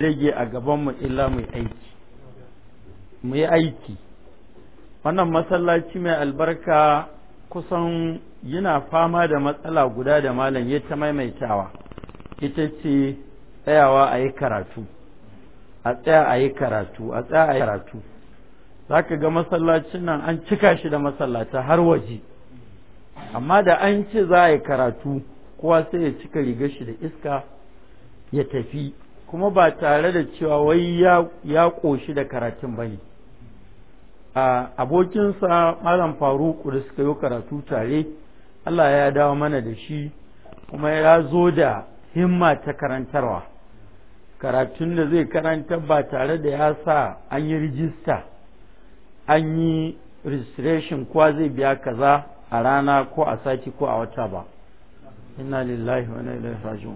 rage a gabanmu illa mai aiki mu aiki wannan masallaci mai albarka kusan yana fama da matsala guda da malam ya ta maimaitawa ita ce tsayawa a yi karatu a tsaya a yi karatu a tsaya a yi karatu za ka ga masallacin nan an cika shi da masallata har waje amma da an ce za a yi karatu kowa sai ya cika rigar shi da iska ya tafi kuma ba tare da cewa wai ya ƙoshi da karatun bane a abokinsa malam faruku da suka yi karatu tare Allah ya dawo mana da shi kuma ya zo da himma ta karantarwa karatun da zai karanta ba tare da ya sa an yi rijista an yi registration kuwa zai biya kaza a rana ko a sati ko a wata ba inna lillahi wa inna ilaihi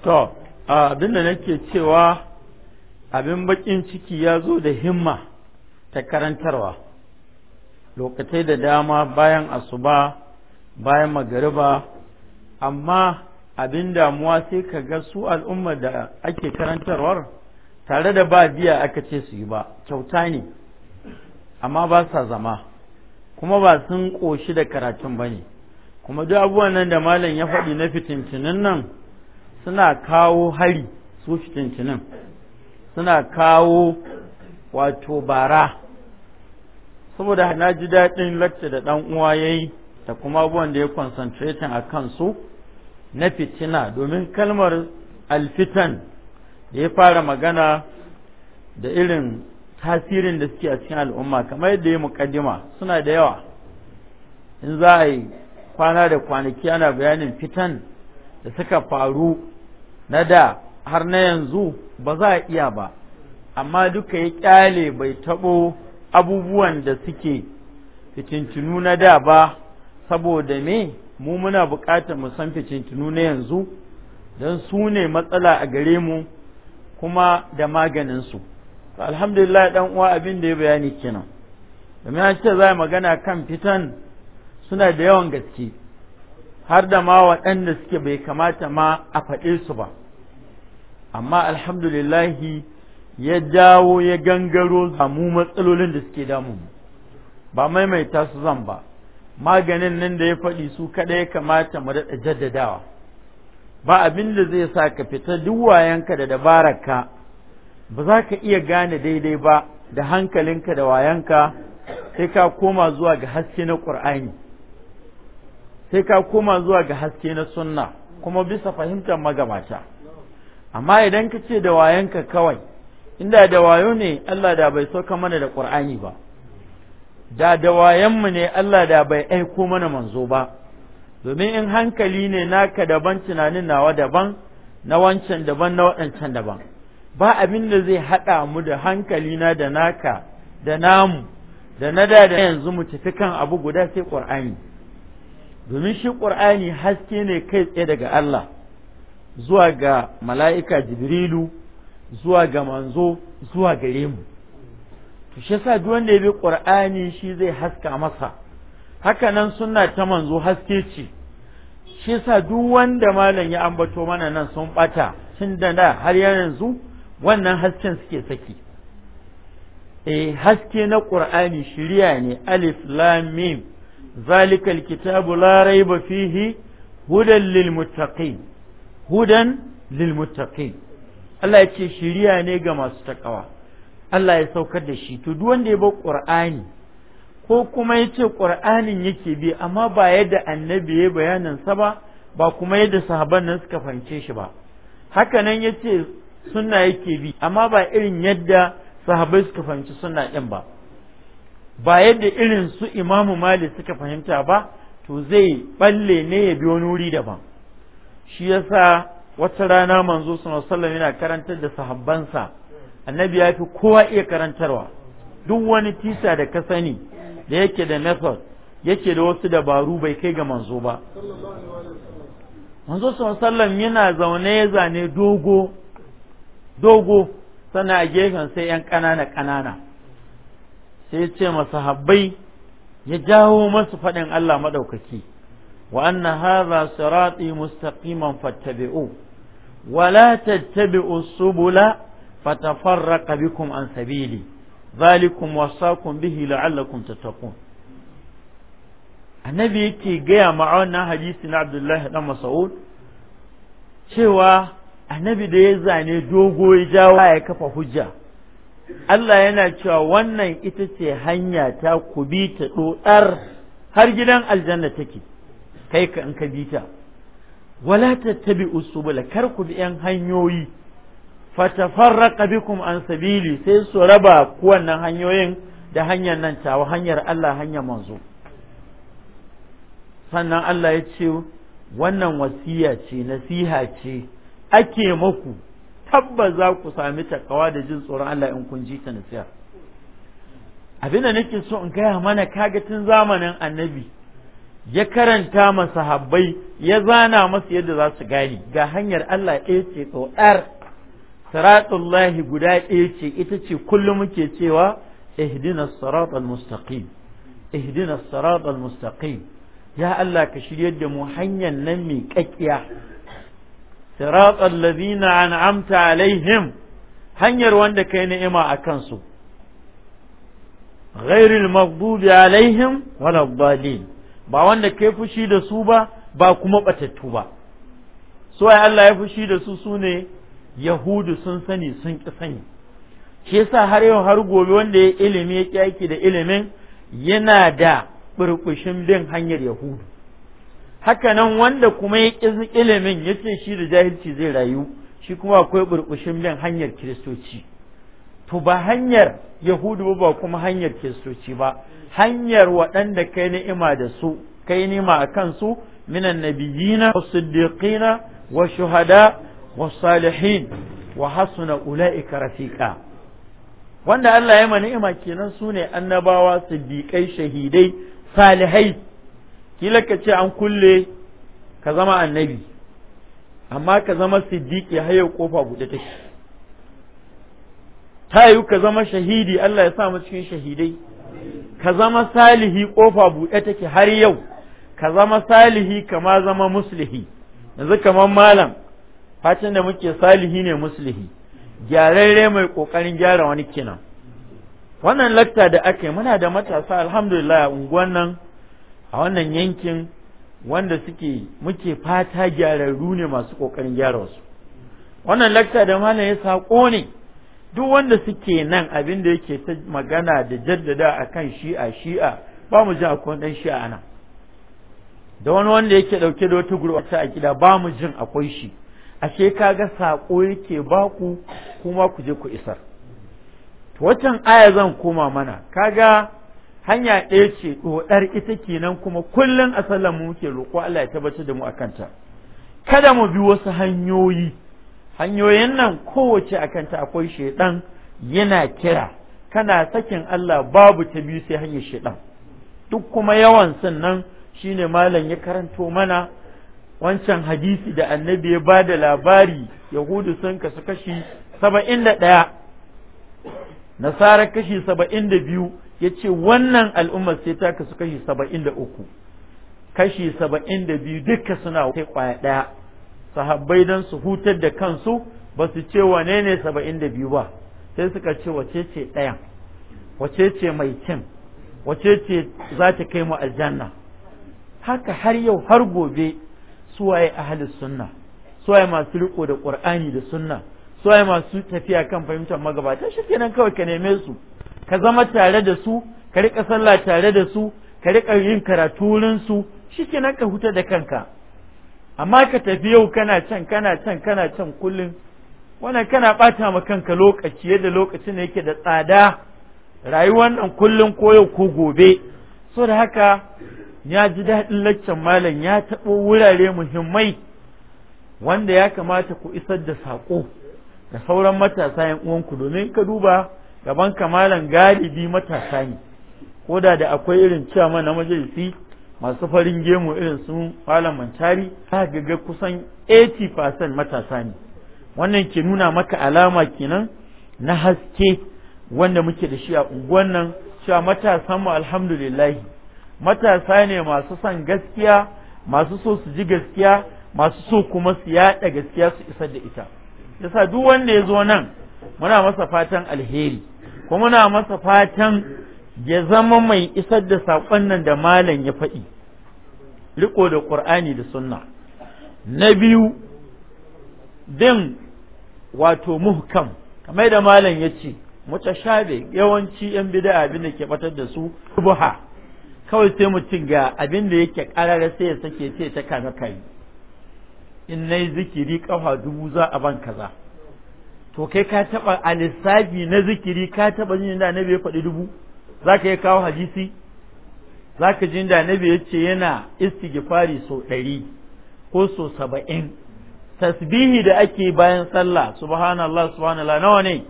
to abinda nake cewa abin bakin ciki ya zo da himma ta karantarwa lokacin da dama bayan asuba bayan magariba amma abin damuwa sai ka ga su al'umma da ake karantarwar tare da ba biya aka ce su yi ba kyauta ne amma ba sa zama kuma ba sun ƙoshi da karatun ba ne kuma duk abubuwan nan da malam ya faɗi na fitintinin nan suna kawo hari su fitintinin suna kawo wato bara saboda na ji daɗin lacce da ɗan uwa ya yi da kuma abubuwan da ya concentrating a kansu na fitina domin kalmar alfitan da ya fara magana da irin tasirin da suke a cikin al'umma kamar yadda ya muƙaddima suna da yawa in za a yi kwana da kwanaki ana bayanin fitan da suka faru na da har na yanzu ba za a iya ba amma duka ya kyale bai taɓo abubuwan da suke fitintunu na da ba saboda me mu muna buƙatar mu san fitintunu na yanzu don su ne matsala a gare mu kuma da maganinsu alhamdulillah dan uwa abin da ya bayani kenan domin an ce za magana kan fitan suna da yawan gaske har da ma waɗanda suke bai kamata ma a faɗe su ba amma alhamdulillahi ya jawo ya gangaro samu matsalolin da suke damu ba maimaita su zan ba maganin nan da ya faɗi su kaɗai ya kamata mu daɗa jaddadawa ba abin da zai sa ka fita duk wayanka da dabararka ba za ka iya gane daidai ba da hankalinka da wayanka sai ka koma zuwa ga haske na ƙur'ani sai ka koma zuwa ga haske na sunna kuma bisa fahimtar magabata amma idan ka ce da wayanka kawai inda da wayo ne Allah da bai sauka mana da Qur'ani ba da da wayanmu ne Allah da bai aiko mana manzo ba domin in hankali ne naka daban tunanin nawa daban na wancan daban na waɗancan daban ba abin da zai haɗa mu da hankali na da naka da namu da na da da yanzu mu tafi kan abu guda sai ƙur'ani domin shi ƙur'ani haske ne kai tsaye daga Allah zuwa ga mala'ika jibrilu zuwa ga manzo zuwa gare mu to shi yasa duk wanda ya bi ƙur'ani shi zai haska masa haka nan sunna ta manzo haske ce shi yasa duk wanda malam ya ambato mana nan sun ɓata, tun da na har yanzu wannan hasken suke saki eh haske na ƙur'ani shiriya ne alif lam zalikal kitabu la raiba fihi hudan lil hudan lil Allah ya ce shiriya ne ga masu takawa Allah ya saukar da shi to duk wanda ya bar Qur'ani ko kuma ya ce Qur'anin yake bi amma ba yadda annabi ya bayanan sa ba ba kuma yadda sahaban nan suka fahimce shi ba haka nan ya ce sunna yake bi amma ba irin yadda sahabai suka fahimci sunna din ba ba yadda irin su imamu malik suka fahimta ba to zai balle ne ya bi wani wuri daban shi yasa wata rana manzo sallallahu yana karantar da sahabbansa annabi ya fi kowa iya karantarwa duk wani tisa da ka sani da yake da method yake da wasu dabaru bai kai ga manzo ba manzo sallallahu yana zaune ya zane dogo dogo sana gefen sai yan ƙanana ƙanana sai ce sahabbai ya jawo masu faɗin Allah maɗaukaki وأن هذا صراطي مستقيما فاتبعوه ولا تتبعوا السبل فتفرق بكم عن سبيلي ذلكم وصاكم به لعلكم تتقون annabi yake gaya ma wannan hadisi na Abdullahi dan Mas'ud cewa annabi da ya zane dogo ya jawo ya kafa hujja Allah yana cewa wannan ita ce hanya ta ta dodar har gidan aljanna take kai ka in ka bi ta wala tattabi'u subula kar ku bi yan hanyoyi fatafarraqa bikum an sabili sai su raba ku wannan hanyoyin da hanyar nan tawa hanyar Allah hanyar manzo sannan Allah ya ce wannan wasiya ce nasiha ce ake muku tabbas za ku sami takawa da jin tsoron Allah in kun ji ta nasiha abinda nake so in gaya mana kaga tun zamanin annabi ya karanta masa habbai ya zana masa yadda za su gane ga hanyar Allah ɗaya ce ɗar siratullahi guda ɗaya ce ita ce kullum muke cewa ihdina sirat al-mustaqim ihdina al-mustaqim ya Allah ka shiryar da mu hanyar nan mai kakkiya sirat allazina an'amta alaihim hanyar wanda kai ni'ima a kansu ghairil maghdubi alaihim waladdallin ba wanda kai fushi da su ba ba kuma batattu ba so ai Allah ya fushi da su sune yahudu sun sani sun ki sani shi yasa har yau har gobe wanda ya ilimi ya kyaki da ilimin yana da burbushin bin hanyar yahudu haka nan wanda kuma ya ki ilimin yace shi da jahilci zai rayu shi kuma akwai burkushin bin hanyar kiristoci to ba hanyar yahudu ba kuma hanyar kiristoci ba hanyar waɗanda kai ni'ima da su kai ni'ima a kansu minan nabiyina wa siddiqina wa shuhada wa salihin wa hasuna ula'ika rafiqa wanda Allah ya ma ni'ima kenan su ne annabawa siddiqai shahidai salihai kila ka ce an kulle ka zama annabi amma ka zama siddiqi har yau kofa buɗe take ta yiwu ka zama shahidi Allah ya sa mu cikin shahidai ka zama salihi kofa buɗe take har yau ka zama salihi kama zama muslihi yanzu kamar malam fatan da muke salihi ne muslihi gyarare mai kokarin gyara wani kenan wannan lakta da aka yi muna da matasa alhamdulillah a unguwan nan a wannan yankin wanda suke muke fata gyararru ne masu kokarin gyara wasu wannan lakta da malam ya sako ne duk wanda suke nan abin da yake ta magana da jaddada akan shi'a shi'a ba mu jin akwai ɗan shi'a nan da wani wanda yake ɗauke da wata gurɓata a gida ba mu jin akwai shi ashe kaga sako yake baku kuma ku je ku isar to waccan aya zan koma mana kaga hanya ɗaya ce ɗodar ita kenan kuma kullum a sallan mu muke roƙo Allah ya tabbatar da mu akan kada mu bi wasu hanyoyi hanyoyin nan kowace akan ta akwai shaidan yana kira kana sakin Allah babu ta biyu sai hanyar shaidan duk kuma yawan sannan shine malam ya karanto mana wancan hadisi da annabi ya ba da labari yahudu sun kasu kashi saba'in da ɗaya nasara kashi saba'in da biyu ya ce wannan al'ummar sai ta kasu kashi saba'in da uku kashi saba'in da biyu duka suna kai kwaya ɗaya sahabbai don su hutar da kansu ba su ce wane ne saba'in da biyu ba sai suka ce wace ce ɗayan wace ce mai cin wace ce za ta kai mu aljanna haka har yau har gobe suwaye ahli sunna suwaye masu riko da qur'ani da sunna suwaye masu tafiya kan fahimtar magabata shi kenan kawai ka neme su ka zama tare da su ka rika sallah tare da su ka rika yin karatu wurin su shi kenan ka huta da kanka amma ka tafi yau kana can kana can kana can kullum wannan kana ɓata ma kanka lokaci yadda lokacin da yake da tsada rayuwar nan kullum ko yau ko gobe so da haka ya ji daɗin laccan malam ya taɓo wurare muhimmai wanda ya kamata ku isar da saƙo da sauran matasa yan uwanku domin ka duba gaban malam galibi matasa ne ko da da akwai irin cewa na majalisi masu farin gemu irin su malam mantari ta gaga kusan 80% matasa ne wannan ke nuna maka alama kenan na haske wanda muke da shi a unguwan nan cewa matasan mu alhamdulillah matasa ne masu son gaskiya masu so su ji gaskiya masu so kuma su yaɗa gaskiya su isar da ita yasa duk wanda ya zo nan muna masa fatan alheri kuma muna masa fatan ya zama mai isar da saƙon nan da malam ya faɗi riko da ƙur'ani da sunna na biyu din wato muhkam kamar da malam ya ce mutashabe yawanci yan bid'a abin da ke batar da su buha kawai sai mutum ga abin da yake karara sai ya sake ce ta kame kai in yi zikiri ƙafa dubu za a ban kaza to kai ka taba a lissafi na zikiri ka taba jin da annabi ya faɗi dubu za ka iya kawo hadisi za ka jin da nabi ya ce yana istighfari sau ɗari ko sau saba'in tasbihi da ake bayan sallah subhanallah subhanallah nawa ne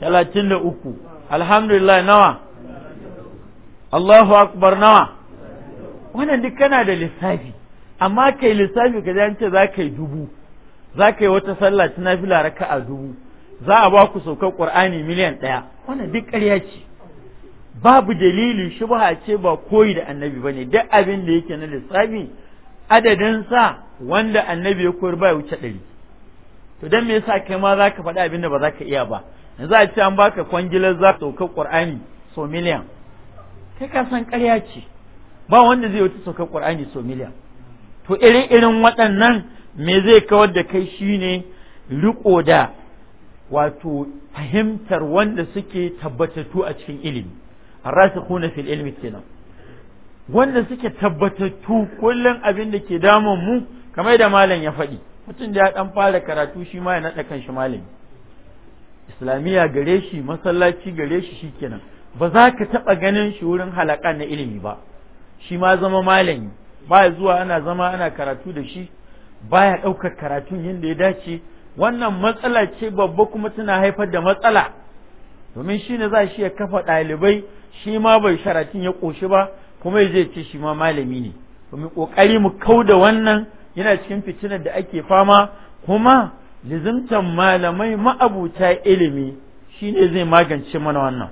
talatin da uku alhamdulillah nawa Allahu akbar nawa wannan duk kana da lissafi amma kai lissafi ka ji ce za ka yi dubu za ka yi wata sallah ta nafila a dubu za a ba ku saukar ƙur'ani miliyan ɗaya wannan duk ƙarya ce babu dalili shubha ce ba koyi da annabi bane duk abin da yake na lissafi adadin sa wanda annabi ya koyar ba wuce ɗari to dan me yasa kai ma zaka faɗi abin da ba zaka iya ba yanzu a ce an baka kwangilar za ka sauka Qur'ani so miliyan kai ka san ƙarya ce ba wanda zai wuce sauka Qur'ani so miliyan to irin irin waɗannan me zai kawar da kai shine riko da wato fahimtar wanda suke tabbatattu a cikin ilimi arrasikhuna fil ilmi kenan wanda suke tu kullum abin da ke damun mu kamar da malam ya faɗi mutum da ya dan fara karatu shi ma ya naɗa shi malami islamiyya gare shi masallaci gare shi shikenan ba za ka taɓa ganin shi wurin halaka na ilimi ba shi ma zama malami ba zuwa ana zama ana karatu da shi baya ɗaukar karatun yadda ya dace wannan matsala ce babba kuma tana haifar da matsala domin shi ne za shi ya kafa ɗalibai shi ma bai sharatin ya ƙoshi ba kuma ya ce shi ma malami ne mu ƙoƙari mu kau da wannan yana cikin fitinar da ake fama kuma lizimtan malamai ma'abuta ilimi shi ne zai magance mana wannan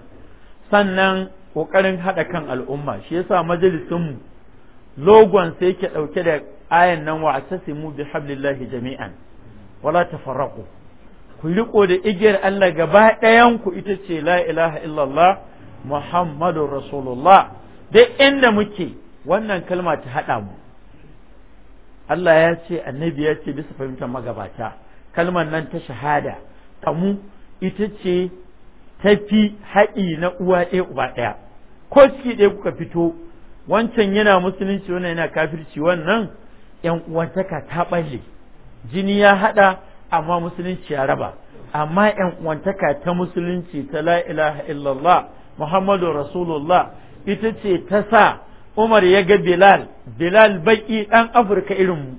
sannan ƙoƙarin haɗa kan al'umma shi yasa majalisinmu logon sai yake ɗauke da ayan nan wa atasimu bi hablillahi jami'an wala tafarraqu ku riko da igiyar Allah gaba ɗayan ku ita ce la ilaha illallah Muhammadun Rasulullah dai inda muke wannan kalma ta haɗa mu Allah ya ce annabi ya ce bisa fahimtar magabata kalmar nan ta shahada kamu ita ce tafi haƙi na uwa ɗaya uba ɗaya ko ciki ɗaya kuka fito wancan yana musulunci wannan yana kafirci wannan ‘yan uwantaka ta ɓalle jini ya haɗa amma musulunci ya raba amma ‘yan uwantaka ta musulunci ta la ilaha illallah Muhammadu Rasulullah ita ce ta sa Umar ya ga Bilal Bilal baki ɗan Afirka irin mu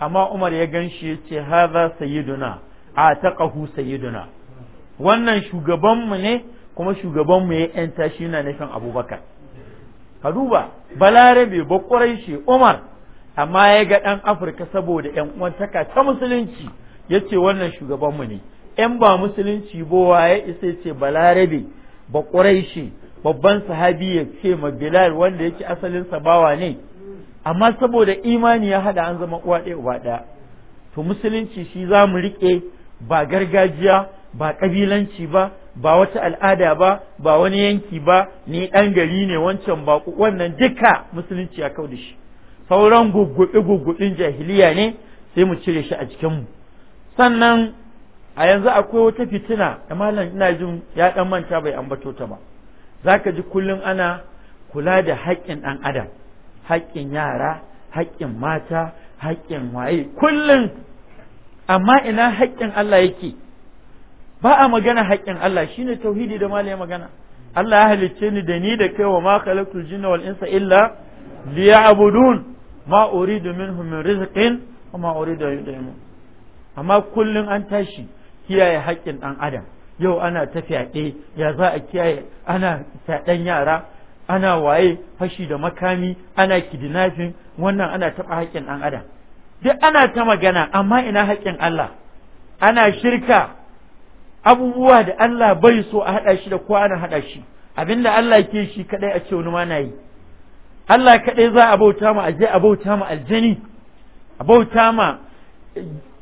amma Umar ya gan shi ya ce haza sayyiduna a ƙahu sayyiduna wannan shugabanmu ne kuma shugabanmu ya yanta shi na nufin Abubakar ka duba balarabe bakwarai shi Umar amma ya ga ɗan Afirka saboda ‘yan uwantaka ta musulunci ya ce wannan shugabanmu ne ‘yan ba musulunci bowa ya isa ce balarabe ba ƙuraishi babban sahabi ya ce ma Bilal wanda yake asalin bawa ne amma saboda imani ya hada an zama uwa ɗaya uba ɗaya to musulunci shi za mu riƙe ba gargajiya ba ƙabilanci ba ba wata al'ada ba ba wani yanki ba ni ɗan gari ne wancan ba wannan duka musulunci ya kauda shi sauran gugguɓe gugguɓin jahiliya ne sai mu cire shi a cikinmu sannan a yanzu akwai wata fitina malam ina jin ya dan manta bai ambato ta ba zaka ji kullum ana kula da haƙƙin ɗan adam haƙƙin yara haƙƙin mata haƙƙin waye kullum amma ina haƙƙin Allah yake ba a magana haƙƙin Allah shine tauhidi da malai magana Allah ya halicce ni da ni da kai wa ma khalaqtul jinna wal insa illa liya'budun ma uridu minhum min rizqin wa ma uridu amma kullum an tashi kiyaye haƙƙin ɗan adam yau ana ta fyaɗe ya za a kiyaye ana fyaɗen yara ana waye fashi da makami ana kidnapping wannan ana taɓa haƙƙin ɗan adam duk ana ta magana amma ina haƙƙin Allah ana shirka abubuwa da Allah bai so a haɗa shi da kowa ana haɗa shi abinda Allah ke shi kaɗai a ce wani ma na yi Allah kaɗai za a bauta ma aje a bauta ma aljani a bauta ma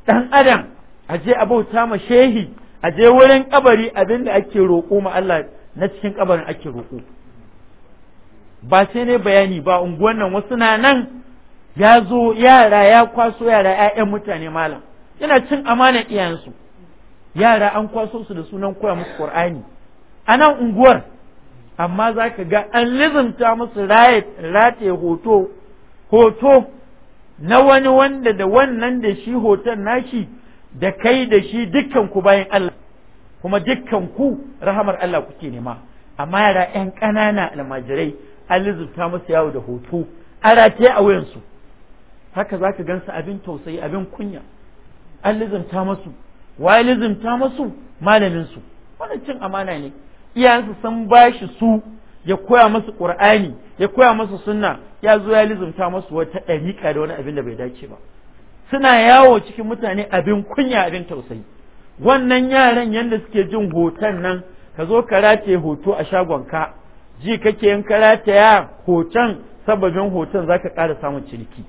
ɗan adam a je a bauta ma shehi a je wurin kabari abin da ake roƙo ma Allah na cikin kabarin ake roƙo ba sai ne bayani ba unguwan nan wasu na nan ya zo yara ya kwaso yara ƴaƴan mutane malam yana cin amana iyayensu yara an kwaso su da sunan koya musu Qur'ani a nan unguwar amma za ka ga an lizinta musu rataye hoto hoto na wani wanda da wannan da shi hoton nashi da kai da shi dukkan bayan Allah kuma dukkan ku rahamar Allah kuke nema amma yara ƴan ƙanana almajirai an lizubta musu yawo da hoto an a a wayansu haka zaka gansu abin tausayi abin kunya an lizumta musu waye lizumta musu malamin su wannan cin amana ne iyayensu sun bashi su ya koya musu qur'ani ya koya musu sunna ya zo ya lizumta musu wata dariƙa da wani abin da bai dace ba suna yawo cikin mutane abin kunya abin tausayi wannan yaran yadda suke jin hoton nan ka zo ka rataye hoto a shagonka ji kake yin karataya hoton sababin hoton za ka ƙara samun ciniki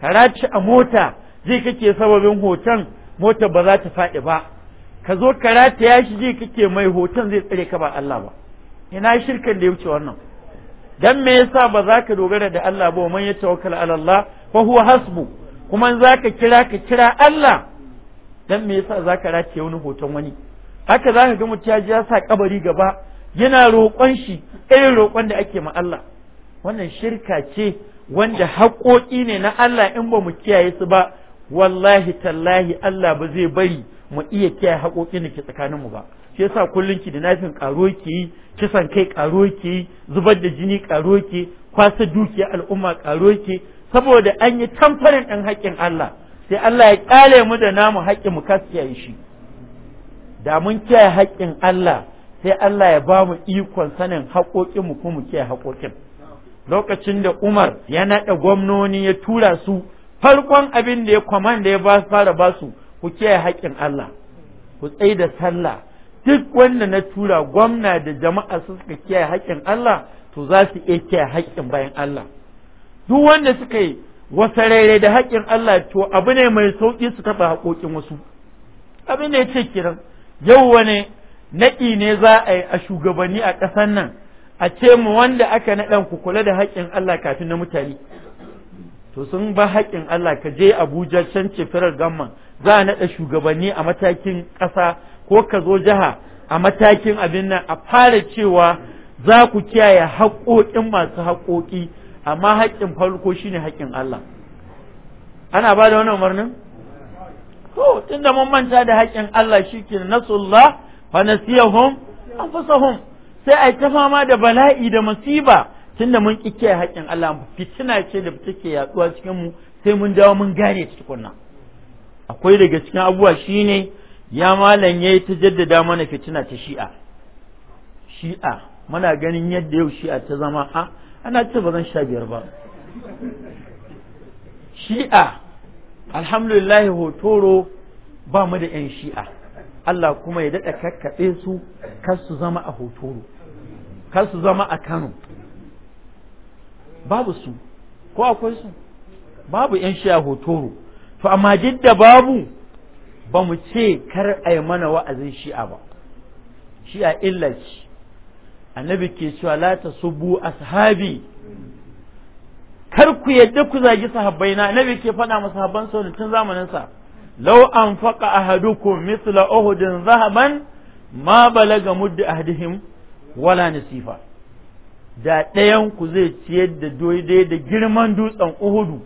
ka rataye a mota ji kake sababin hoton mota ba za ta faɗi ba ka zo ka rataya shi ji kake mai hoton zai tsare ka ba Allah ba ina shirkan da ya wuce wannan dan me yasa ba za ka dogara da Allah ba man ya tawakkala ala Allah fa huwa hasbu kuma za ka kira ka kira Allah dan me yasa za ka race wani hoton wani haka za ka ga mutum ya ji ya sa kabari gaba yana roƙon shi irin roƙon da ake ma Allah wannan shirka ce wanda haƙoƙi ne na Allah in ba mu kiyaye su ba wallahi tallahi Allah ba zai bari mu iya kiyaye haƙoƙin da ke tsakanin mu ba shi yasa kullun ki da nafin karo ki kisan kai karo ki zubar da jini karo ki kwasa dukiya al'umma karo ki saboda an yi tamfarin ɗin haƙƙin Allah sai Allah ya ƙale mu da namu haƙƙin mu kiyaye shi da mun kiyaye haƙƙin Allah sai Allah ya ba mu ikon sanin haƙoƙin mu kuma kiyaye haƙoƙin lokacin da Umar ya naɗa gwamnoni ya tura su farkon abin da ya kwamanda ya fara ba su ku kiyaye haƙƙin Allah ku tsaye da sallah duk wanda na tura gwamna da jama'a su suka kiyaye haƙƙin Allah to za su iya kiyaye haƙƙin bayan Allah duk wanda suka yi wasa rairai da haƙƙin Allah to abu ne mai sauƙi su taɓa haƙoƙin wasu abin da ce kiran yau wani naƙi ne za a yi a shugabanni a ƙasan nan a ce mu wanda aka naɗan ku kula da haƙƙin Allah kafin na mutane to sun ba haƙƙin Allah ka je Abuja can ce firar gamman za a naɗa shugabanni a matakin ƙasa ko ka zo jiha a matakin abin nan a fara cewa za ku kiyaye haƙoƙin masu haƙoƙi amma haƙƙin farko ne haƙƙin Allah ana ba da wani umarnin to tunda mun manta da haƙƙin Allah shi shike nasullah fa nasiyahum anfusahum sai ai ta fama da bala'i da musiba tunda mun kike haƙƙin Allah fitina ce da take yaduwa cikin mu sai mun dawo mun gane ta tukunna akwai daga cikin abubuwa shine ya malam yayi ta jaddada mana fitina ta shi'a shi'a muna ganin yadda yau shi'a ta zama a ana ce ba zan sha biyar ba shi'a alhamdulillah hotoro ba mu da 'yan shi'a Allah kuma ya daɗa kakkaɓe su kar su zama a hotoro kar su zama a kano babu su ko akwai su babu 'yan shi'a hotoro to amma jidda babu ba mu ce kar a yi mana wa'azin shi'a ba shi'a illa ce annabi ke cewa la subu ashabi kar ku yadda ku zagi sahabbai na annabi ke faɗa ma sahabban sa tun zamanin sa law anfaqa ahadukum mithla uhudin zahaban ma balaga muddi ahdihim wala nasifa da ɗayan ku zai ciyar da daidai da girman dutsen uhudu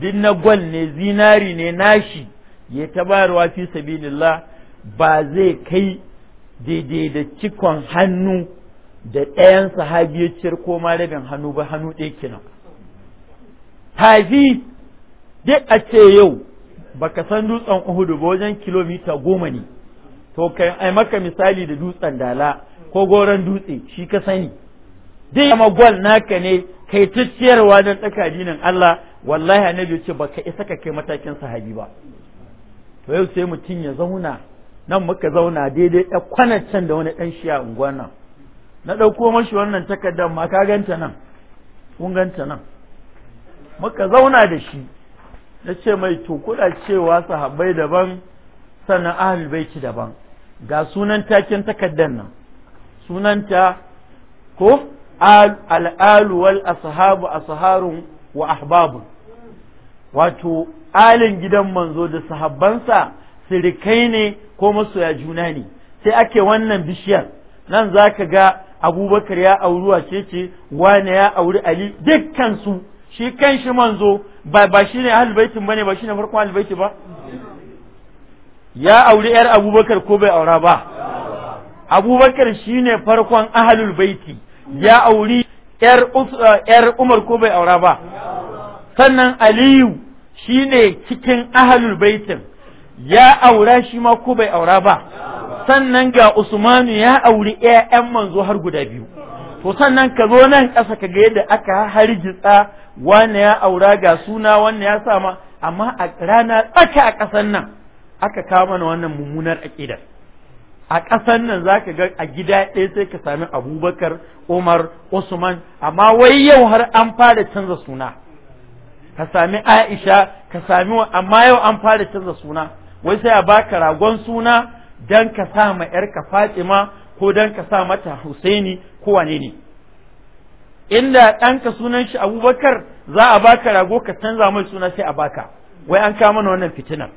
din na gwal ne zinari ne nashi ya ta bayarwa fi sabilillah ba zai kai daidai da cikon hannu da ɗayan sahabi ya ciyar ko ma rabin hannu ba hannu ɗaya kenan tafi duk a ce yau baka san dutsen Uhudu ba wajen kilomita goma ne to kai ai maka misali da dutsen dala ko goron dutse shi ka sani Duk ya magwal naka ne kai ta ciyarwa don tsaka dinin Allah wallahi annabi ce baka isa ka kai matakin sahabi ba to yau sai mutum ya zauna nan muka zauna daidai ɗan can da wani ɗan shiya unguwa nan na ɗauko mashi wannan takardar ma ka ganta nan kun ganta nan muka zauna da shi na ce mai to kuɗa cewa sahabbai daban sannan ahlul baiti daban ga sunan taken takardar nan sunanta ko al'alu wal ashabu asharun wa ahbabu wato alin gidan manzo da sahabbansa sirikai ne ko masoya juna ne sai ake wannan bishiyar nan zaka ga abubakar ya auri wa ce wane ya auri ali dukkan su shi kan shi manzo ba ba ne ahlul ba bane ba shi ne farkon ahlul ba ya auri yar abubakar ko bai aura ba abubakar shi ne farkon ahlul baiti ya auri yar yar eh, umar ko bai aura ba sannan aliyu ne cikin ahlul baitin ya aura shi ma ko bai aura ba sannan ga Usmanu ya auri ƴaƴan manzo har guda biyu to sannan ka zo nan ƙasa ka ga yadda aka harjitsa wani ya aura ga suna wani ya sama amma a rana tsaka a ƙasan nan aka kawo mana wannan mummunar aƙidar a ƙasan nan za ka ga a gida ɗaya sai ka sami abubakar umar usman amma wai yau har an fara canza suna ka sami aisha ka sami amma yau an fara canza suna wai sai a baka ragon suna dan ka sa ma ‘yarka Fatima ko dan ka sa mata Husaini ko wane ne. Inda ɗanka sunan shi Abubakar za a baka rago ka canza mai suna sai a baka, wai an kama mana wannan fitinar.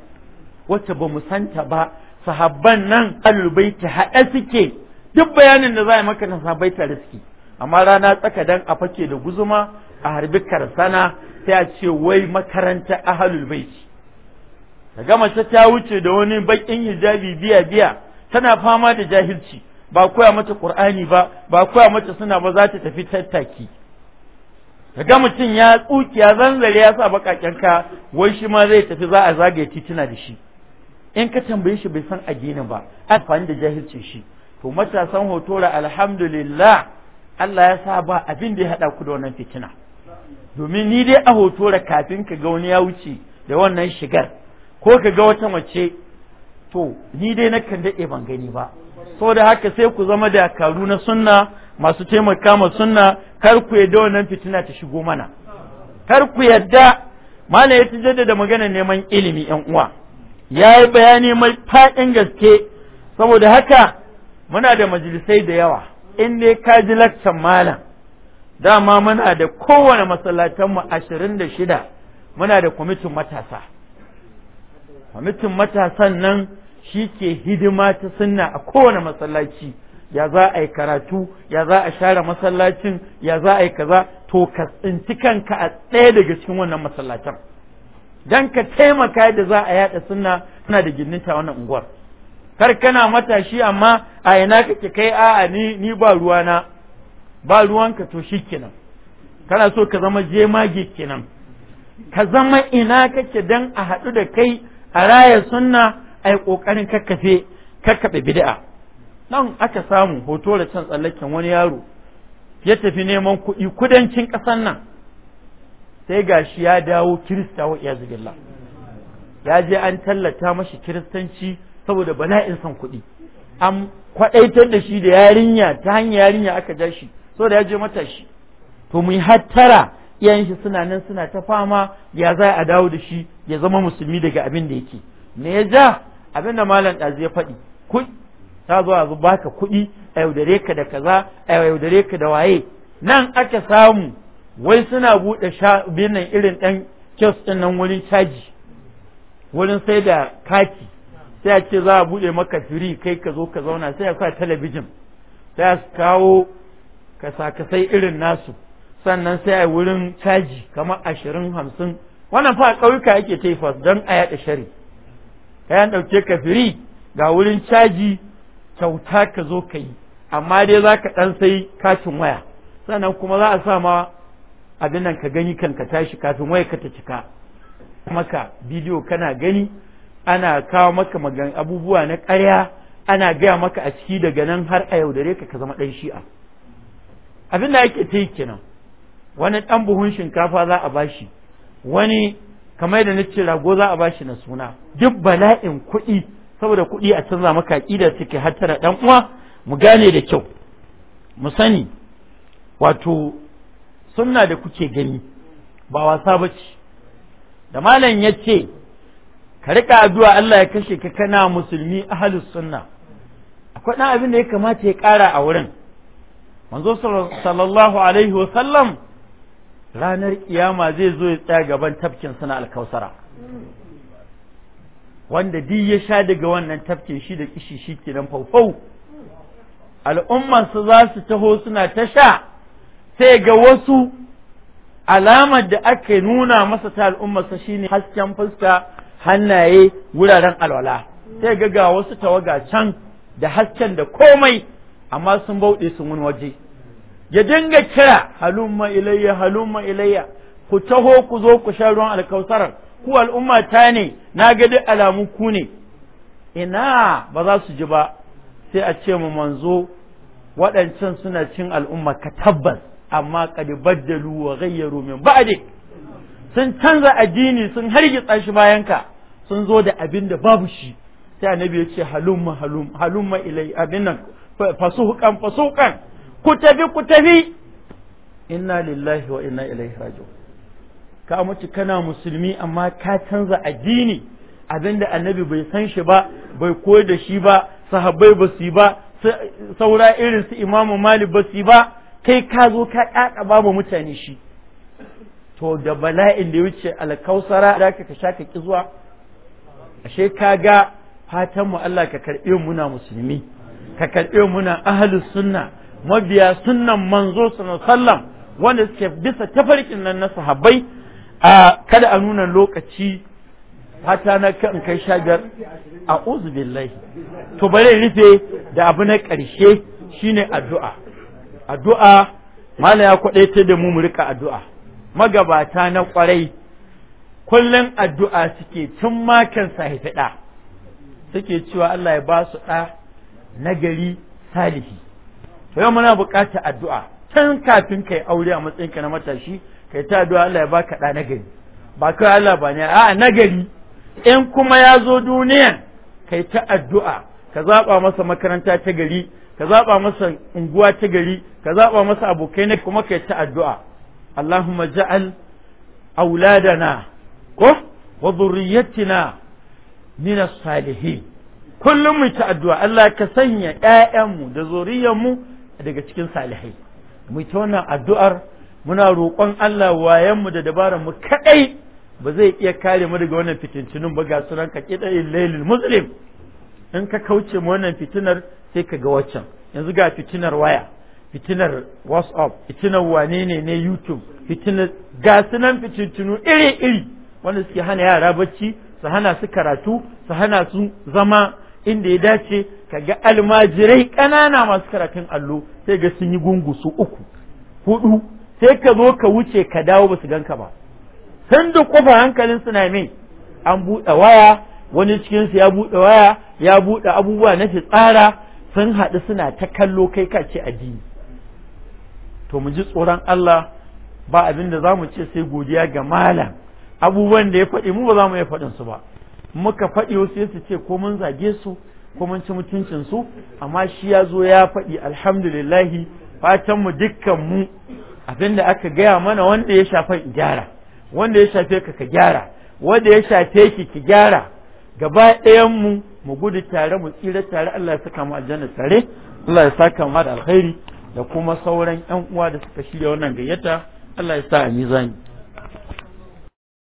Wacce ba mu santa ba, sahabban nan ta haɗe suke, duk bayanin da za a maka na sahabbai tare suke. Amma rana tsaka dan a fake da guzuma a harbi karsana sai a ce wai makaranta ahalul baiti. kaga mace ta wuce da wani bakin hijabi biya biya tana fama da jahilci ba koya mata qur'ani ba ba koya mata suna ba za ta tafi tattaki kaga mutum ya tsuki ya zanzare ya sa bakaken ka wai shi ma zai tafi za a zage tituna da shi in ka tambaye shi bai san addinin ba amfani da jahilcin shi to matasan hoto da alhamdulillah Allah ya sa ba abin da ya hada ku da wannan fitina domin ni dai a hotora kafin ka ga wani ya wuce da wannan shigar ko ka ga wata mace to ni dai na nakan daɗe ban gani ba da haka sai ku zama dakaru na sunna masu taimaka ma sunna kar ku yadda wannan fitina ta shigo mana kar ku yadda mana ya ta jaddada maganar neman ilimi yan uwa ya yi bayani mai faɗin gaske saboda haka muna da majalisai da yawa in dai ka ji lakcan malam dama muna da kowane masallatanmu ashirin da shida muna da kwamitin matasa kwamitin matasan nan shi ke hidima ta sunna a kowane masallaci ya za a yi karatu ya za a share masallacin ya za a yi kaza to ka tsinci kanka a ɗaya daga cikin wannan masallacin dan ka taimaka da za a yada sunna tana da gininta wannan unguwar kar kana matashi amma a ina kake kai a'a ni ni ba ruwana ba ruwanka to shikenan kana so ka zama jemage kenan ka zama ina kake dan a haɗu da kai a rayar sunna a yi ƙoƙarin kakkafe kakkaɓe bid'a nan aka samu hoto da can tsallaken wani yaro ya tafi neman kuɗi kudancin ƙasar nan sai gashi ya dawo kirista wa iya zubilla ya je an tallata mashi kiristanci saboda bala'in son kuɗi an kwaɗaitar da shi da yarinya ta hanyar yarinya aka ja shi saboda ya je matashi to mu yi hattara iyayen shi suna nan suna ta fama ya za a dawo da shi ya zama musulmi daga abin da yake me ya ja abin da malam ɗazu ya faɗi ku ta zo a baka kuɗi a yaudare ka da kaza a yaudare ka da waye nan aka samu wai suna buɗe sha nan irin ɗan kyos ɗin nan wurin caji wurin sai da kati sai a ce za a buɗe maka firi kai ka zo ka zauna sai a sa talabijin sai a kawo kasa-kasai irin nasu sannan sai a wurin caji kamar ashirin hamsin wannan fa ƙauyuka yake ta fas don a yaɗa shari kayan ɗauke ka firi ga wurin caji kyauta ka zo ka yi amma dai za ka ɗan sai kafin waya sannan kuma za a sa ma abin nan ka gani kan ka tashi kafin waya ka ta cika maka bidiyo kana gani ana kawo maka magan abubuwa na ƙarya ana gaya maka a ciki daga nan har a yaudare ka ka zama ɗan shi'a abin da yake ta yi kenan wani ɗan buhun shinkafa za a bashi wani kamar da na ce rago za a bashi na suna duk bala'in kuɗi saboda kuɗi a canza maka aƙidar take hattara ɗan uwa mu gane da kyau mu sani wato sunna da kuke gani ba wasa ba ce da malam ya ce ka riƙa addu'a Allah ya kashe ka kana musulmi ahalus sunna akwai ɗan abin da ya kamata ya ƙara a wurin manzo sallallahu alaihi wa sallam ranar kiyama zai zo ya tsaya gaban tafkin suna alkausara wanda duk ya sha daga wannan tafkin shi da kishi shi kenan faufau al'umman su za su taho suna ta sha sai ga wasu alamar da aka nuna masa ta al'ummarsa shine hasken fuska hannaye wuraren alwala sai ga ga wasu tawaga can da hasken da komai amma sun bauɗe sun wani waje ya dinga kira halumma ilayya halumma ilayya ku taho ku zo ku sha ruwan alkausar ku al'umma ta ne na ga duk alamu ku ne ina ba za su ji ba sai a ce mu manzo waɗancan suna cin al'umma ka tabbas amma kad baddalu wa ghayyaru min ba'di sun canza addini sun hargitsa shi bayan ka sun zo da abinda babu shi sai annabi ya ce halumma halumma halumma ilayya abin nan fasuhukan fasuhukan ku tafi ku tafi inna lillahi wa inna ilaihi raji'un ka mutu kana musulmi amma ka canza addini abinda annabi bai san shi ba bai koyar da shi ba sahabbai ba su ba saura irin su imamu malik ba su ba kai ka zo ka kaka ba mu mutane shi to da bala'in da ya wuce alkausara da ka sha ka ki zuwa ashe ka ga fatan mu Allah ka karbe muna musulmi ka karbe muna ahlus sunna mabiya sunnan manzo sallam wanda suke bisa tafarkin nan na sahabbai a kada a nuna lokaci hata na kan kai shagar a billahi to bare rufe da abu na ƙarshe shine addu'a addu'a mala ya ta da mu mu rika addu'a magabata na kwarai kullum addu'a suke tun makan sahifi ɗa suke cewa Allah ya ba su ɗa nagari salihi to yau muna buƙatar addu'a tun kafin kai aure a matsayin ka na matashi kai ta addu'a Allah ya baka ɗa nagari ba kai Allah ba ne a'a nagari in kuma ya zo duniyan kai ta addu'a ka zaɓa masa makaranta ta gari ka zaɓa masa unguwa ta gari ka zaɓa masa abokai ne kuma kai ta addu'a Allahumma ja'al auladana ko wa dhurriyyatina min as-salihin kullum mu ta addu'a Allah ka sanya ƴaƴanmu da zuriyarmu daga cikin salihai mu ta wannan addu'ar muna roƙon Allah wayan mu da dabaran mu kadai ba zai iya kare mu daga wannan fitincinun ba ga sunan ka kida lailil muslim in ka kauce mu wannan fitinar sai ka ga waccan yanzu ga fitinar waya fitinar whatsapp fitinar wane ne ne youtube fitinar ga sunan iri iri wanda suke hana yara bacci su hana su karatu su hana su zama inda ya dace ka ga almajirai ƙanana masu karatun allo sai ga sun yi gungu su uku hudu sai ka zo ka wuce ka dawo ba su ganka ba sun da kofa hankalin suna mai an buɗe waya wani cikin su ya buɗe waya ya buɗe abubuwa na fitsara sun haɗu suna ta kallo kai ka ce addini to mu ji tsoron Allah ba abin da za mu ce sai godiya ga malam abubuwan da ya faɗi mu ba za mu iya faɗin su ba muka faɗi wasu yasu ce ko mun zage su ko mun ci mutuncin su amma shi ya zo ya faɗi alhamdulillahi fatan mu dukkan mu abinda aka gaya mana wanda ya shafa gyara wanda ya shafe ka ka gyara wanda ya shafe ki ki gyara gaba ɗayan mu mu gudu tare mu tsira tare Allah ya saka mu aljanna tare Allah ya saka mu da alkhairi da kuma sauran ƴan uwa da suka shirya wannan gayyata Allah ya sa a mizani